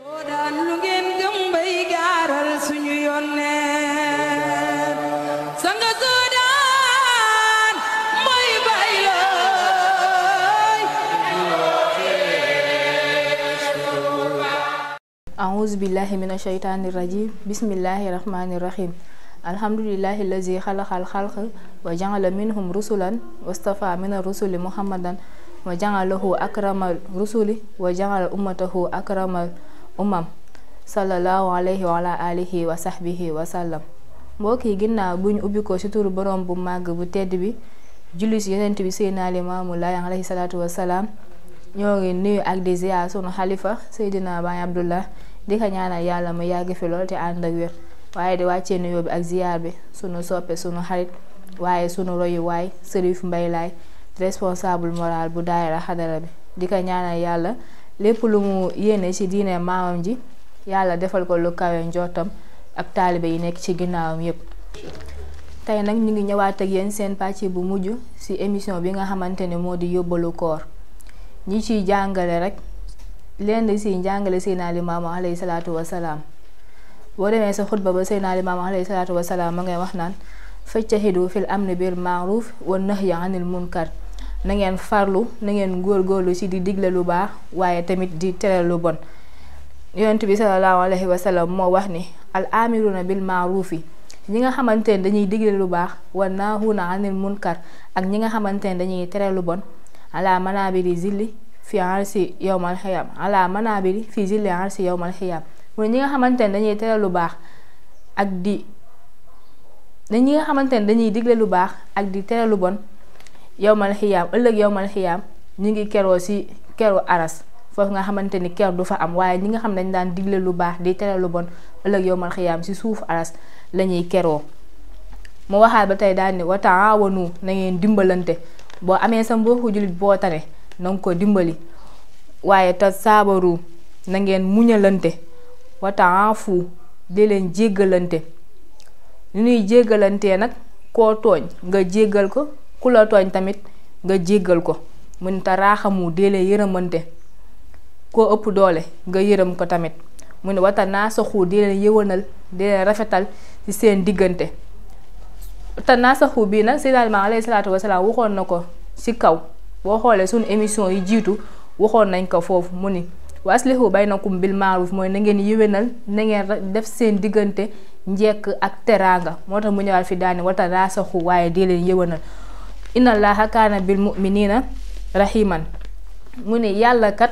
soo daan lu ngeen gëm bay gaaral suñu yónnee sa nga soo daan mooy bay looy aawuzu billahi min ashaytaani rajim bismillahi rahmaani rahim alhamdulillahi lazi xalaqal xalq wa ja'ala minhum rusulan wastafa min rusuli muhammadan wa ja'alahu akramal rusuli wa ja'ala ummatahu akramal umam sallallahu alayhi wa ala alihi wa sahbihi wa mbokk yi ginnaaw bu ñu ubbi ko ci turu borom bu màgg bu tedd bi julli ci yonent bi Seydina Limaamu Laay alayhi salaatu wa salaam ñoo ngi nuyu ak di ziar sunu xalifa Seydina Baay Abdullah di ko ñaanal yàlla mu yàgg fi lool te ànd ak wér waaye di wàccee nuyoo bi ak ziar bi sunu soppe sunu xarit waaye sunu royuwaay waay Serif responsable moral bu daayira xadara bi di ñaanal yàlla. lépp lu mu yéene ci diine maamam ji yàlla defal ko lu kawe njottam ak taalibe yi nekk ci ginnaawam yépp tey nag ñu ngi ñëwaat ak yéen seen pàcc bu mujj ci émission bi nga xamante ne moo di yóbbalu koor ñi ciy jàngale rek lenn ci njàngale Seydina Limaamu alayhi salaatu wa boo demee sa xutba ba Seydina Limaamu alayhi salaatu wa salaam ma ngay wax naan fajtahidu fil amri bil ma'ruf wa nahyi anil munkar na ngeen farlu nangeen ngeen góorgóorlu ci di digle lu baax waaye tamit di tere lu bon yonent bi salallaahu alayhi moo wax ni al amiruna bil maaruufi ñi nga xamante ne dañuy digle lu baax wa naahuuna anil munkar ak ñi nga xamante ne dañuy tere bon ala manaabiri zilli fi arsi yowmal xiyam ala manaabiri fi zilli arsi yowmal xiyam mu ne ñi nga xamante ne dañuy tere lu baax ak di ñi nga dañuy digle lu baax ak di tere lu bon yowmal xiyaam ëllëg yowmal xiyaam ñu ngi keroo ci keru aras foofu nga xamante ni ker du fa am waaye ñi nga xam dañ daan digle lu baax di tere lu bon ëllëg yowmal xiyaam si suuf aras lañuy ñuy keroo mu waxaat ba tey daal ni wa taawanu na dimbalante boo amee sa mbokku jullit boo tane na ko dimbali waaye ta saabaru na ngeen muñalante wa taafu di leen jéggalante ni ñuy jéggalantee nag koo tooñ nga jéggal ko ku la tooñ tamit nga jéggal ko mun te raaxamu déele yërëmante koo ëpp doole nga yërëm ko tamit mu ne wata naa saxu di leen yëwanal di leen rafetal ci seen diggante wata naa saxu bii nag Seydina Limaamu alayhi waxoon na ko ci kaw boo xoolee suñu émission yi jiitu waxoon nañ ko foofu mu ni wa aslihu baynakum bil maaruf mooy na ngeen yëwénal na ngeen def seen diggante njekk ak teraanga moo tax mu ñëwaat fi daani wata naa saxu waaye di leen yëwanal inna allaha kaana bil muminina rahiman mu ne yàlla kat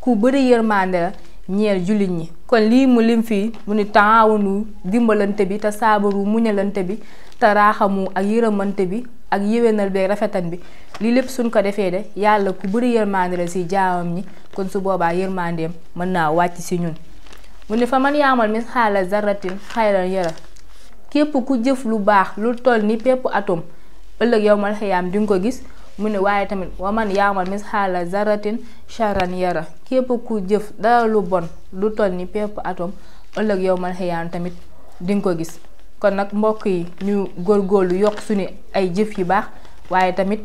ku bëri yërmande la ñeel jullit ñi kon lii mu lim fii mu ni taawunu dimbalante bi te saabaru muñalante bi te raaxamu ak yërëmante bi ak yéwénal bi rafetan bi lii lépp suñ ko defee de yàlla ku bëri yërmande la si jaamam ñi kon su boobaa yërmandeem mën naa wàcc si ñun mu ne fa man yaamal mis xaala zaratin xayran yara képp ku jëf lu baax lu toll ni pepp atom ëllëg yow mal xiyaam nga ko gis mu ne waaye tamit waman yaamal mis xaala zaratin charan yara képp ku jëf dara lu bon lu toll ni pépp atom ëllëg yow mal tamit dinga ko gis kon nag mbokk yi ñu góorgóorlu yokk suñu ay jëf yu baax waaye tamit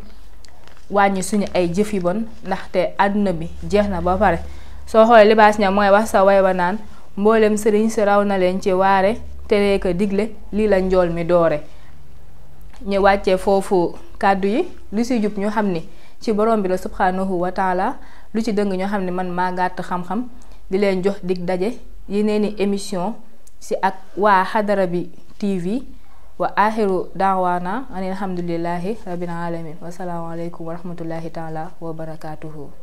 wàññi suñu ay jëf yu bon ndaxte àdduna bi jeex na ba pare soo xoolee libaas ña mooy wax sa way wa naan mboolem sëriñ si raw na leen ci waare teree ko digle lii la njool mi doore ñu wàccee foofu kàddu yi lu si jub ñu xam ni ci borom bi la subhanahu wa taala lu ci dëng ñu xam ne man maa gàtt xam-xam di leen jox dig daje yeneeni émission si ak waa xadara bi TV wa axiru daawaana an alhamdulillahi rabbil alamin wasalaamualeykum wa rahmatullahi taala wa barakaatuhu